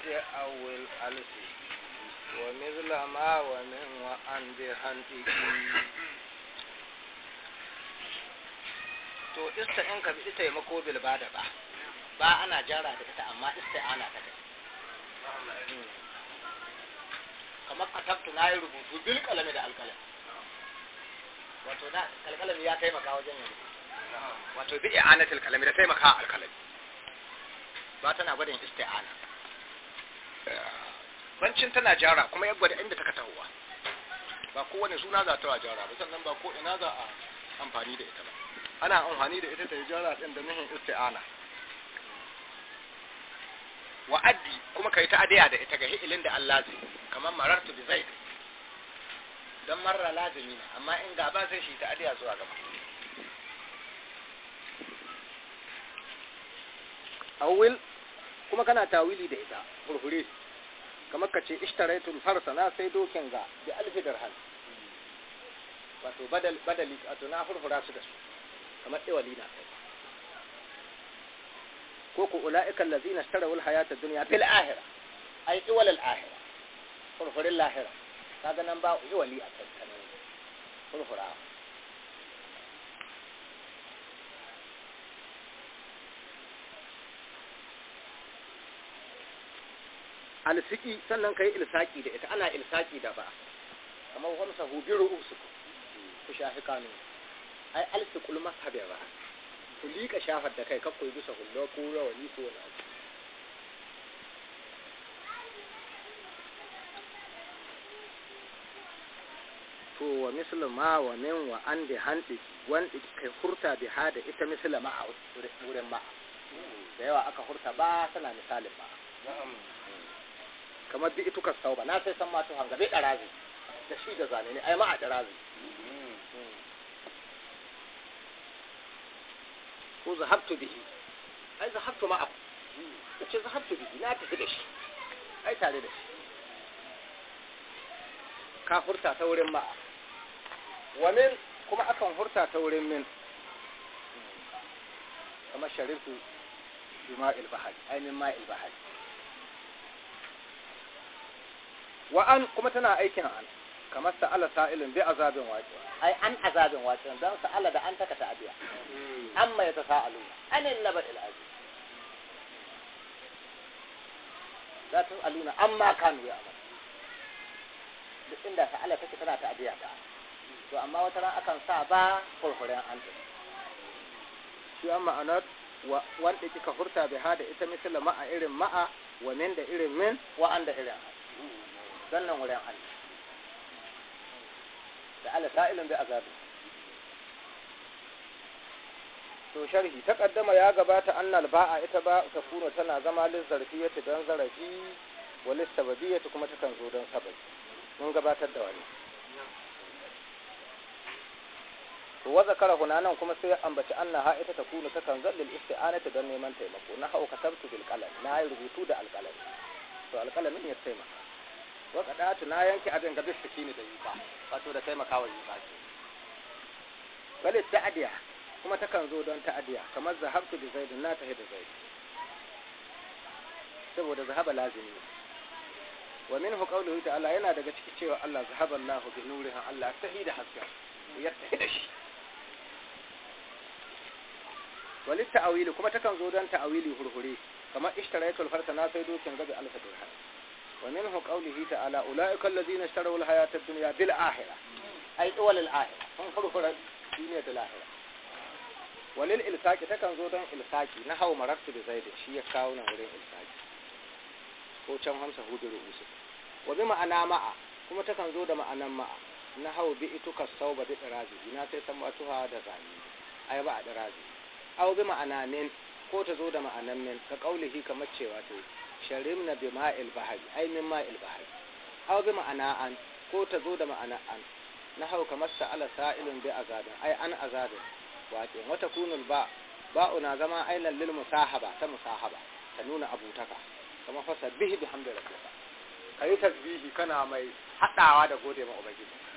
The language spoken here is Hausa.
الحج أو الألف ومثل ما ومن وأن بهنته to ista in ka bi taimako bil bada ba ba ana jara da ita amma ista ana ta kai hmm. kamar katabtu na yi rubutu bil kalami da alkalam wato na kalkalam ya taimaka wajen yin wato bi i'anatil kalami da taimaka alkalami ba tana gwadin isti'ana bancin tana jara kuma ya gwada inda taka tahowa ba kowane suna za ta jara ba sannan ba ko ina za a amfani da ita ba ana amfani da ita ta yi jara ɗin da nuhin isti'ana Wa addi kuma ka yi ta adaya da ita ga hi'ilin da Allah zai kamar marartu bi zai don marar lazimi ne amma in gaba sai shi ta adaya zuwa gaba awil kuma kana tawili da ita furfure kamar ka ce ishtaraitul farsa na sai dokin ga bi alfi dirham wato badal badali wato na hurhura su da su kamar iwali na kai ko ku ula'ika allazina ishtarawul hayata dunya fil akhirah ay iwal al akhirah hurhurin lahira kaga nan ba iwali a kai hurhura alsiki sannan kai ilsaki da ita ana ilsaki da ba amma wamsa hu bi ru'usikum ku shafi kanu ai alsiqul mashabe ba ku lika shafar da kai koyi bisa hullo ko rawani ko na to wa muslima wa min wa an bi wanda kai hurta bi hada ita muslima a wurin ma da yawa aka hurta ba tana misalin ba na'am kamar duk itukar sauba na sai san ma to hangabe ɗarazi da shi da zane ne ai ma a ɗarazi ko zahabtu bihi ai zahabtu ma abu da ce zahabtu bihi na tafi da shi ai tare da shi ka hurta ta wurin ma wa min kuma akan hurta ta wurin min kamar sharifin bima'il bahari ai min ma'il bahari wa an kuma tana aikin an kamar sa'ala sa'ilin bi azabin waqi ai an azabin waqi dan sa'ala da an taka ta'abiya hmm. amma ya yatasaalu anil naba'il azim la tasaluna amma kan ya amal duk inda sa'ala take tana ta'abiya ta to amma wata ran akan sa ba kurkuren an shi amma anat wanda kika furta bi hada ita misalla ma'a irin ma'a wa min da irin min wa an da irin don wurin Allah da sa'ilin azabi to sharhi ta kaddama ya gabata annal ba'a ita ba ta tana zama lizzarfiyyati don zarafi wa kuma zo don sabai mun gabatar da wani to hunanan kuma sai ambaci annaha ita ta kuno takan zallil don neman taimako na hau bil qalam na yi rubutu da alqalam to alqalamin ya taimaka waka datu na yanke abin ga bisa kini da yuka wato da taimakawa yuka ce ta ta'adiya kuma takan zo don ta ta'adiya kamar zahabtu da zaidin na tahi da zaid saboda zahaba lazimi wa minhu qawluhu ta'ala yana daga ciki cewa Allah zahaba Allahu bi nuriha Allah tahi da hasken ya tahi shi walit ta'awili kuma takan zo don ta'awili hurhure kamar ishtaraitul farsa na sai dokin gabi alfa dirham ومنه قوله تعالى أولئك الذين اشتروا الحياة الدنيا بالآخرة أي أول الآخرة فانفروا فرق دنيا الآخرة walil ilsaki takan zo don ilsaki na hau maraktu da zaidi shi ya kawo nan wurin ilsaki ko can hamsa hudu rubusu wa bi ma'ana ma'a kuma takan zo da ma'anan ma'a na hau bi ituka sau ba bi ɗirazi ina sai san matuha da zani ai ba a ko ta da ma'anan min ka kamar cewa ta yi sharimna bi ma'il bahari ai min ma'il bahari aw bi ma'ana an ko ta zo da ma'ana an na hau kamar sa'ala sa'ilun bi azabin ai an azabin wato wata kunul ba ba'u na zama ailan lil musahaba ta musahaba ta nuna abutaka kama fasa bihi bihamdi rabbika kayi tasbihi kana mai hadawa da gode ma ubangiji